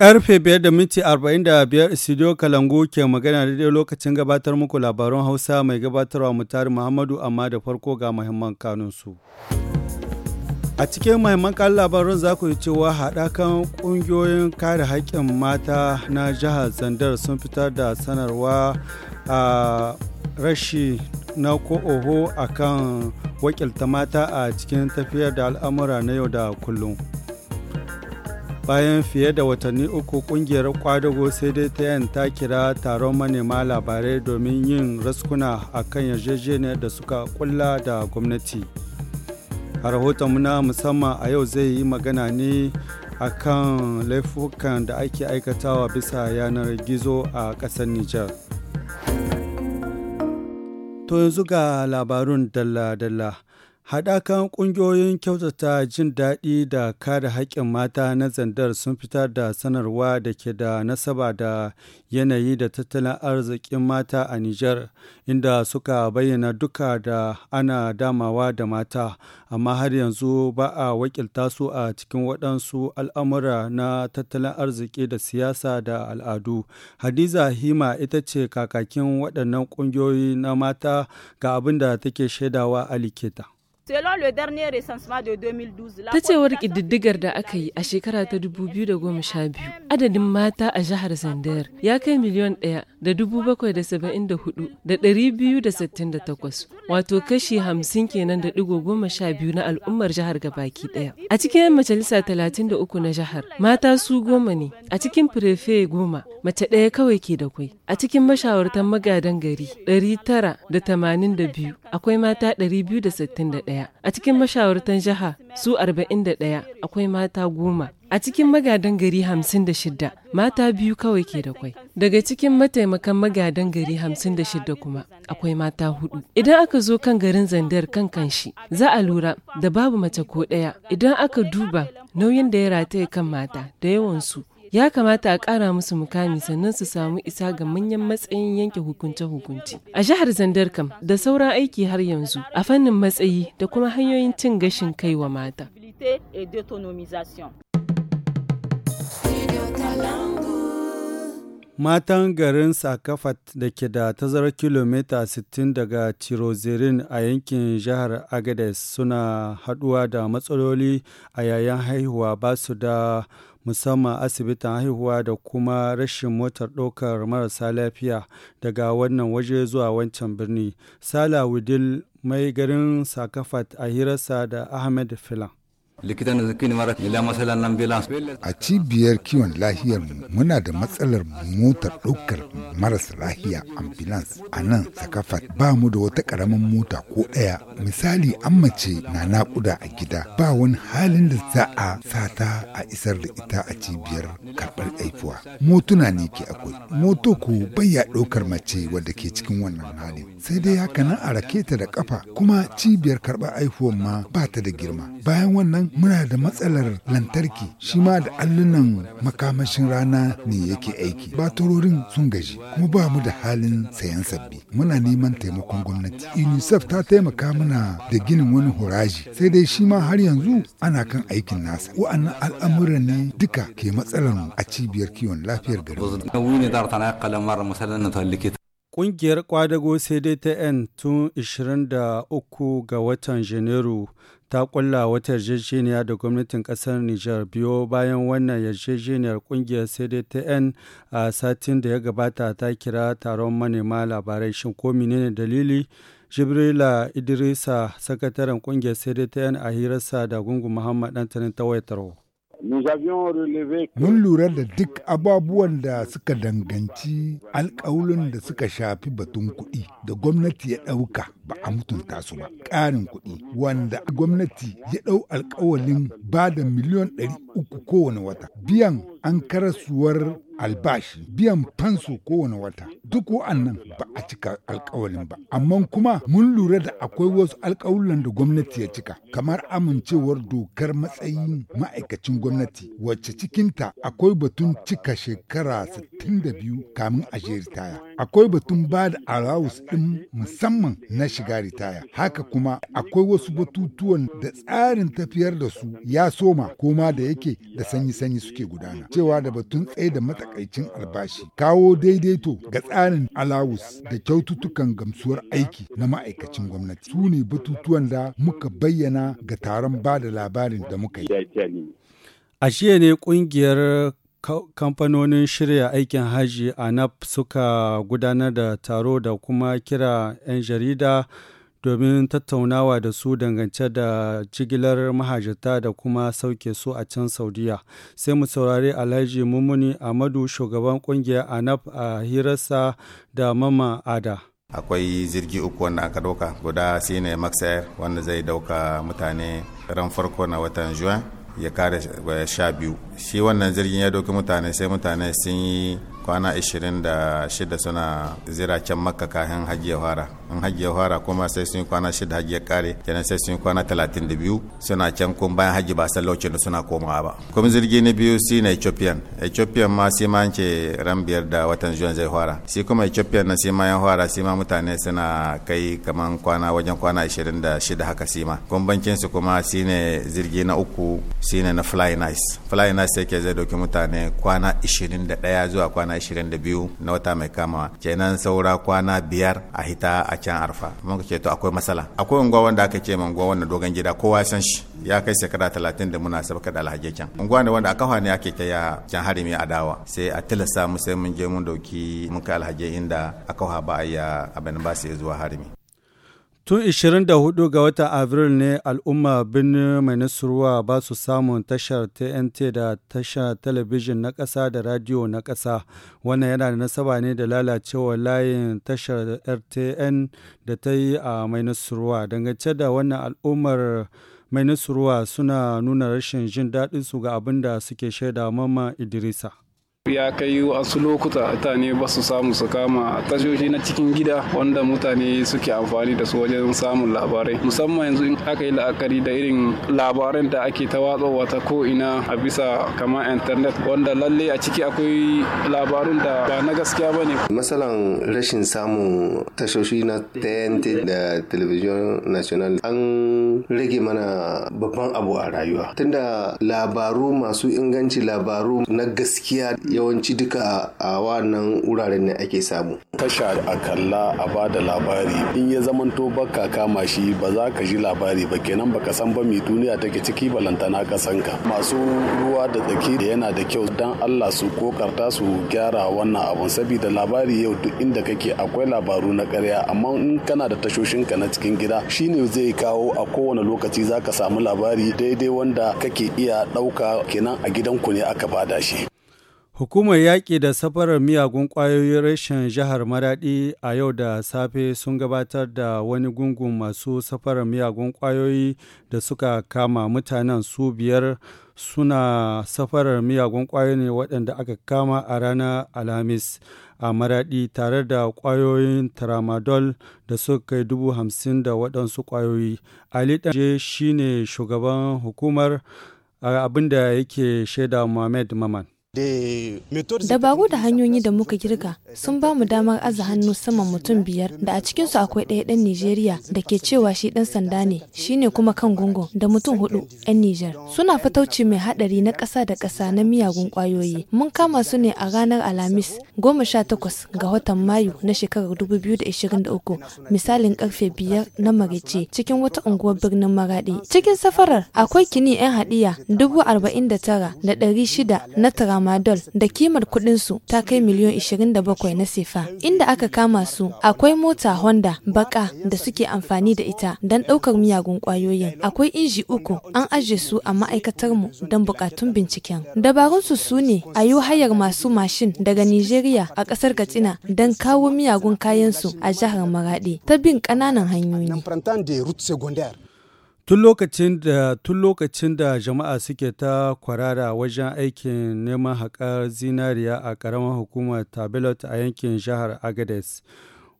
Karfe 5 da minti 45 Studio Kalangu ke magana daidai lokacin gabatar muku labaran Hausa mai gabatarwa mutari Muhammadu amma da farko ga muhimman kanunsu. A cikin mahimman kan labaran za ku yi cewa haɗakan ƙungiyoyin kare haƙƙin mata na jihar Zandar sun fitar da sanarwa a rashi na ko'oho a kan wakilta mata a cikin tafiyar da al'amura na yau da kullum. bayan fiye da watanni uku kungiyar kwadago sai dai ta yan ta kira taron manema labarai domin yin raskuna a kan yarjejeniyar da suka kulla da gwamnati a rahotonmu na musamman a yau zai yi magana ne a kan laifukan da ake aikatawa bisa yanar gizo a ƙasar nijar to yanzu ga labarun dalla-dalla Haɗakan ƙungiyoyin kyautata jin daɗi da kare haƙƙin mata na zandar sun fitar da sanarwa da ke da nasaba da yanayi da tattalin arzikin mata a Nijar, inda suka bayyana duka da ana damawa da mata, amma har yanzu ba a wakilta su a cikin waɗansu al'amura na tattalin arziki da siyasa da al'adu. Hadiza Hima ita ce kakakin waɗannan ƙungiyoyi na mata ga abin da take shaidawa a Likita. Ta cewar ƙididdigar da aka yi a shekara ta 2012, adadin mata a jihar Zandayar ya kai miliyan ɗaya da dubu bakwai da saba'in da wato kashi hamsin kenan da digo goma biyu na al'ummar jihar gabaki ɗaya. A cikin majalisa talatin uku na jihar, mata su goma ne, a cikin firefe goma, mace ɗaya kawai ke da kwai a cikin mashawartan magadan gari 982 akwai mata 261 a cikin mashawartan jiha su 41 akwai mata goma a cikin magadan gari 56 mata biyu kawai ke da kwai daga cikin mataimakan magadan gari 56 kuma akwai mata hudu idan aka zo kan garin zandar kan kanshi za a lura da babu mace ko ɗaya idan aka duba nauyin da ya rataye kan mata da yawansu ya kamata a ƙara musu mukami sannan su samu isa ga manyan matsayin yanke hukunce-hukunce. A jihar Zandar kam da sauran aiki har yanzu a fannin matsayi da kuma hanyoyin cin gashin kai wa mata. Matan garin Sakafat da ke da tazarar kilomita 60 daga Tirozirin a yankin jihar Agades suna haɗuwa da matsaloli a yayin haihuwa ba su da musamman asibitin haihuwa da kuma rashin motar ɗaukar marasa lafiya daga wannan waje zuwa wancan birni. Sala Wudil mai garin Sakafat a hirarsa da Ahmed Filan. likitan da zaki mara ila nan ambulance a cibiyar kiwon lahiyar mu muna da matsalar motar ɗaukar maras lahiya ambulance a nan sakafat ba mu da wata karamin mota ko ɗaya misali an mace na naƙuda a gida ba wani halin da za a sata a isar da ita a cibiyar karɓar aifuwa motuna ne ke akwai moto ko ya ɗaukar mace wadda ke cikin wannan halin sai dai haka nan a rake ta da kafa kuma cibiyar karɓar aifuwan ma ba ta da girma bayan wannan muna da matsalar lantarki shi ma da allunan makamashin rana ne yake aiki baturorin sun gaji kuma ba mu da halin sayan sabbi muna neman taimakon gwamnati unicef ta taimaka mana da ginin wani horaji sai dai shi ma har yanzu ana kan aikin nasa wa'annan al'amura ne duka ke matsalar a cibiyar kiwon lafiyar gari Ƙungiyar Kwadago CDTN tun 23 ga watan Janairu ta kulla wata yarjejeniya da gwamnatin kasar Nijar biyo bayan wannan yarjejeniyar kungiyar CDTN a satin da ya gabata ta kira taron manema labarai shin ko menene dalili Jibrila Idrisa sakataren kungiyar CDTN a hirarsa da gungu Muhammad Antanin ta wayar Mun lura da duk ababuwan da suka danganci alkawulin da suka shafi batun kuɗi da gwamnati ya ɗauka ba a mutunta su ba ƙarin kuɗi wanda gwamnati ya ɗau alƙawalin ba da miliyon ɗari uku kowane wata biyan an karasuwar albashi biyan fanso kowane wata duk wa'annan ba a cika alƙawalin ba amma kuma mun lura da akwai wasu alkawulan da gwamnati ya cika kamar amincewar dokar matsayin ma'aikacin gwamnati wacce cikinta akwai batun cika shekara 62 kamin a ritaya akwai batun ba da allowance ɗin musamman na shiga ritaya. Haka kuma akwai wasu batutuwan da tsarin tafiyar da su ya soma koma da yake da sanyi-sanyi suke gudana. Cewa da batun tsaye da matakaicin albashi, kawo daidaito ga tsarin alawus da kyaututtukan gamsuwar aiki na ma'aikacin gwamnati. Su ne batutuwan da muka bayyana ga taron ba da labarin da muka yi. A jiya ne kungiyar kamfanonin shirya aikin hajji anap suka gudanar da taro da kuma kira 'yan jarida domin tattaunawa da su dangance da jigilar mahajata da kuma sauke su a can saudiya sai mu saurari alhaji mummuni amadu shugaban kungiyar anap a hirarsa da mama ada akwai jirgi uku wanda aka dauka guda shine maxair wanda zai dauka mutane ran farko na watan juin ya kare sha biyu shi wannan jirgin ya doki mutane sai mutane sun yi kwana 26 suna ziracen makka kahin hajji ya fara in hajji fara kuma sai sun kwana shida hajji kare kenan sai sun kwana talatin da biyu suna can kuma bayan hajji ba san lokacin da suna komawa ba kuma zirgi na biyu shi na ethiopian ethiopian ma sai ma ce ran biyar da watan juan zai fara shi kuma ethiopian na sai ma ya fara sai ma mutane suna kai kaman kwana wajen kwana ashirin da shida haka sai ma bambancin su kuma shi ne zirgi na uku shi ne na fly nice fly nice yake zai dauki mutane kwana ishirin da daya zuwa kwana ishirin da biyu na wata mai kamawa kenan saura kwana biyar a hita a can arfa mun ce to akwai matsala akwai unguwa wanda aka ce unguwa wannan dogon gida kowa ya san shi ya kai shekara talatin da muna sabu da alhaji can unguwa ne wanda a kafa ne ake kai ya can mai adawa sai a tilasta mu sai mun je mun dauki mun kai alhaji inda a kafa ba a yi abin ba sai zuwa harimi Tun 24 ga watan Abril ne al'umma birnin mai nasarwa ba su samun tashar TNT da tashar talabijin na ƙasa da radiyo na ƙasa. Wannan yana da nasaba ne da lalacewar layin tashar RTN da ta yi a mai nasarwa. Dangance da wannan al'ummar mai nasarwa suna nuna rashin jin daɗinsu ga abin da suke shaida Mamman Idrisa. ya kai wasu lokuta mutane ba su samu su kama tashoshi na cikin gida wanda mutane suke amfani da su wajen samun labarai musamman yanzu in aka yi la'akari da irin labaran da ake ta watsowa ta ko ina a bisa kama internet wanda lalle a ciki akwai labarun da ba na gaskiya ba ne Masalan rashin samun tashoshi na tnt da television national an rage mana babban abu a rayuwa tunda labaru masu inganci labaru na gaskiya yawanci duka a wannan wuraren ne ake samu tasha a kalla a ba da labari in ya zamanto baka kama shi ba za ka ji labari ba kenan ba ka san ba mai duniya take ciki balantana ka masu ruwa da tsaki da yana da kyau dan Allah su kokarta su gyara wannan abun saboda labari yau duk inda kake akwai labaru na karya amma in kana da tashoshin ka na cikin gida shine zai kawo a kowane lokaci za ka samu labari daidai wanda kake iya ɗauka kenan a gidanku ne aka bada shi Hukumar yaƙi da safarar miyagun ƙwayoyin rashin jihar Maraɗi a yau da safe sun gabatar da wani gungun masu safarar miyagun ƙwayoyi da suka kama mutanen su biyar suna safarar miyagun ƙwayoyi ne waɗanda aka kama a ranar Alhamis a Maraɗi tare da ƙwayoyin tramadol da suka kai dubu hamsin da waɗansu ƙwayoyi. Ali Ɗanje shine shugaban hukumar abinda yake shaida Mohamed Maman. Dabaru da hanyoyi da muka girka sun ba mu damar aza hannu saman mutum biyar da a cikinsu akwai ɗaya ɗan Nijeriya da ke cewa shi ɗan sanda ne shine kuma kan gungun da mutum hudu 'yan Nijar. Suna fatauci mai haɗari na ƙasa da ƙasa na miyagun ƙwayoyi. Mun kama su ne a ranar Alhamis goma sha takwas ga watan Mayu na shekarar dubu biyu da ishirin da uku misalin karfe biyar na Marice cikin wata unguwar birnin Maraɗi. Cikin safarar akwai kini 'yan haɗiya dubu arba'in da tara da ɗari shida na tara Mama dol da kimar kuɗinsu ta kai miliyan 27 na sefa. Inda aka kama su akwai mota Honda baka da suke amfani da ita don ɗaukar miyagun ƙwayoyin. Akwai inji uku an aje su a ma'aikatar mu don buƙatun binciken. Dabarunsu su ne a yi hayar masu mashin daga Nijeriya a ƙasar Katsina don kawo miyagun kayansu a jihar Maraɗi ta bin ƙananan hanyoyi. Tun lokacin da tun lokacin da jama'a suke ta kwarara wajen aikin neman haƙar zinariya a ƙaramar hukumar Tabelot a yankin jihar agades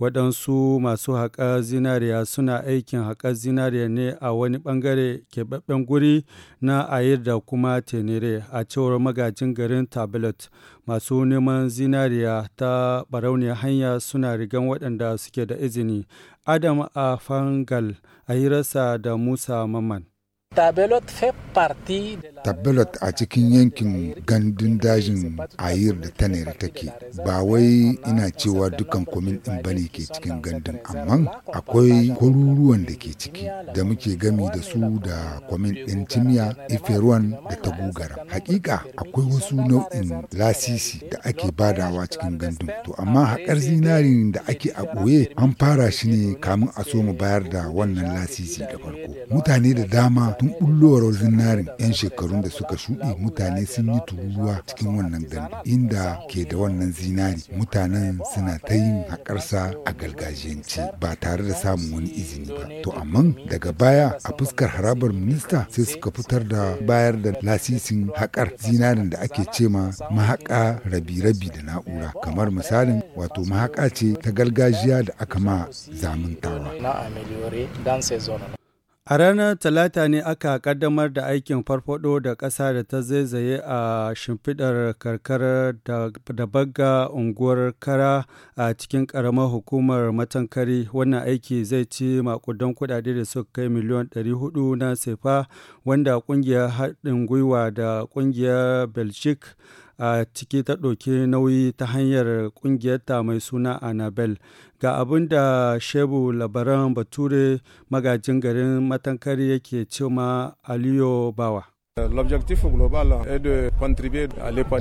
waɗansu masu haƙar zinariya suna aikin haƙar zinariya ne a wani ɓangare keɓaɓɓen guri na ayir da kuma tenere a cewar magajin garin tablet masu neman zinariya ta barauniyar hanya suna rigan waɗanda suke da izini adam a fangal a hirarsa da musa maman Tabelot fait tabbalat a cikin yankin gandun dajin ayir da tanere take ba wai ina cewa dukan kwamin ɗin bane ke cikin gandun amma akwai kwaruruwan da ke ciki da muke gami da su da kwamin ɗin cimiya iferuwan da ta gugara hakika akwai wasu nau'in lasisi da ake badawa cikin gandun to amma haƙar zinari da ake a ɓoye an fara shi ne kamun a so mu bayar da wannan lasisi da farko mutane da dama tun bullowar zinarin 'yan shekaru shekarun da suka shuɗe mutane sun yi tururuwa cikin wannan gandu inda ke da wannan zinari mutanen suna ta yin haƙarsa a gargajiyance ba tare da samun wani izini ba to amma daga baya a fuskar harabar minista sai suka fitar da bayar da lasisin haƙar zinarin da ake cema mahaƙa rabi-rabi da na'ura kamar misalin wato mahaƙa ce ta gargajiya da aka ma zamantawa. A ranar Talata ne aka kaddamar da aikin farfado da ƙasa da ta zaizaye a shimfiɗar karkara da bagga unguwar kara a cikin ƙaramar hukumar matankari. Wannan aiki zai ci makudan kuɗaɗe da suka kai miliyan 400 na sefa wanda ƙungiyar haɗin gwiwa da ƙungiyar Belgique a ciki ta ɗauki nauyi ta hanyar ƙungiyarta mai suna anabel Ga abin da Shebu labaran Bature magajin garin matankari yake cema Aliyo Bawa.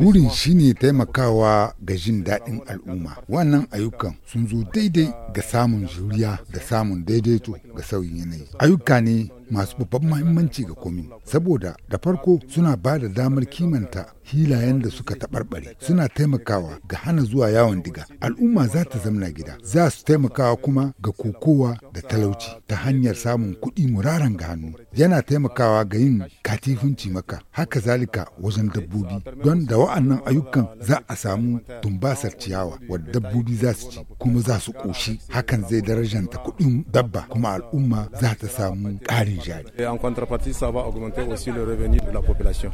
Burin shi ne taimakawa ga jin daɗin al'umma. Wannan ayyukan sun zo daidai ga samun juriya da samun daidaito ga sauyin yanayi. Ayyuka ne masu babban mahimmanci ga komi saboda da farko suna ba da damar kimanta hilayen da suka taɓarɓare suna taimakawa ga hana zuwa yawon diga al'umma za ta zamna gida za su taimakawa kuma ga kokowa da talauci ta hanyar samun kuɗi muraran ga hannu yana taimakawa ga yin katifin cimaka haka zalika wajen dabbobi don da wa'annan ayyukan za a samu tumbasar ciyawa wadda dabbobi za su ci kuma za su ƙoshi hakan zai darajanta kuɗin dabba kuma al'umma za ta samu ƙari jari. Et en contrepartie, ça va augmenter aussi le revenu de la population.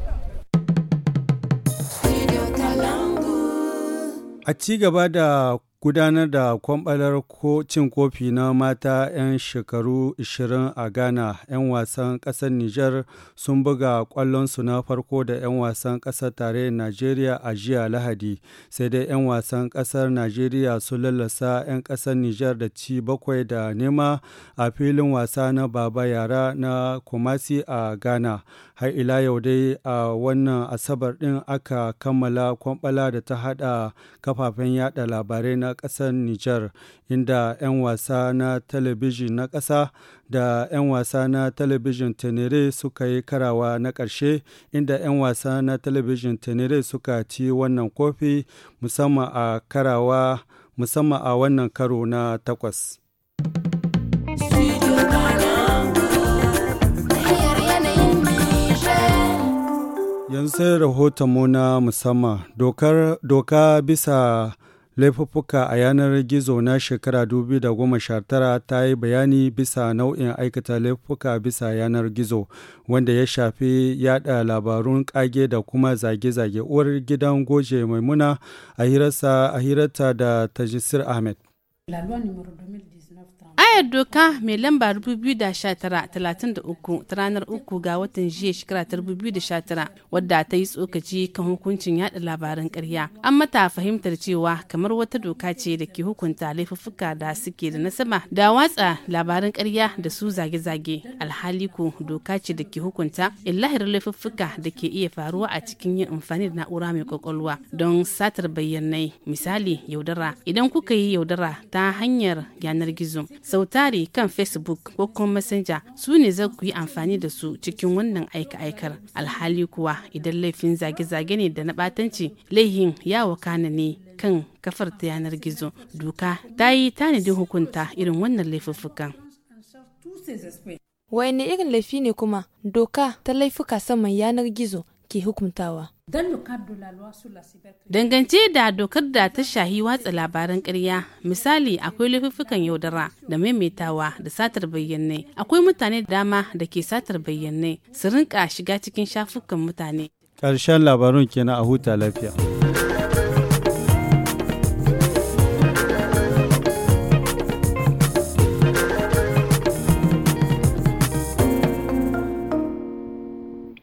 A ci gaba da gudanar da kwamɓalar cin kofi na mata 'yan shekaru 20 a ghana 'yan wasan ƙasar Nijar sun buga ƙwallonsu na farko da 'yan wasan ƙasar tare Najeriya a jiya lahadi sai dai 'yan wasan ƙasar Najeriya sun lalasa 'yan ƙasar Nijar da ci bakwai da nema a filin wasa na baba yara na kumasi a ghana har ila yau dai a wannan asabar ɗin aka kammala kwamɓala da ta haɗa kafafen yada labarai na na ƙasar Nijar, inda 'yan wasa na talabijin na ƙasa da 'yan wasa na talabijin Tenere suka yi karawa na ƙarshe, inda 'yan wasa na talabijin Tenere suka ci wannan kofi musamman a wannan karo na takwas. yanzu sai rahoton mu na musamman doka bisa laifuffuka a yanar gizo na shekara 2019 ta yi bayani bisa nau'in aikata laifuka bisa yanar gizo wanda ya shafi yada labarun kage da kuma zage-zage uwar gidan goje maimuna a hirarta da tajisir ahmed Ayar doka mai lamba 2019-33 ta ranar uku ga watan jiya shekara 2019 wadda ta yi tsokaci kan hukuncin yada labaran karya An mata fahimtar cewa kamar wata doka ce da ke hukunta laifuffuka da suke da nasaba da watsa labaran karya da su zage-zage. Alhali ko doka ce da ke hukunta illahir laifuffuka da ke iya faruwa a cikin yin amfani da na'ura mai kwakwalwa don satar bayyanai misali yaudara idan kuka yi yaudara ta hanyar yanar gizo. tari kan facebook ko kuma messenger su ne za ku yi amfani da su cikin wannan aika-aikar alhali kuwa idan laifin zage-zage ne da na batanci laihin ya wakana ne kan kafar ta yanar gizo doka ta yi tanadin hukunta irin wannan laifuffukan wani irin laifi ne kuma doka ta laifuka saman yanar gizo ke hukuntawa Dangance da dokar da ta shahi watsa labaran ƙarya, misali akwai laifuffukan yaudara da maimaitawa da satar bayyane Akwai mutane dama da ke satar bayyane su rinka shiga cikin shafukan mutane. Ƙarshen labarun kenan a huta lafiya.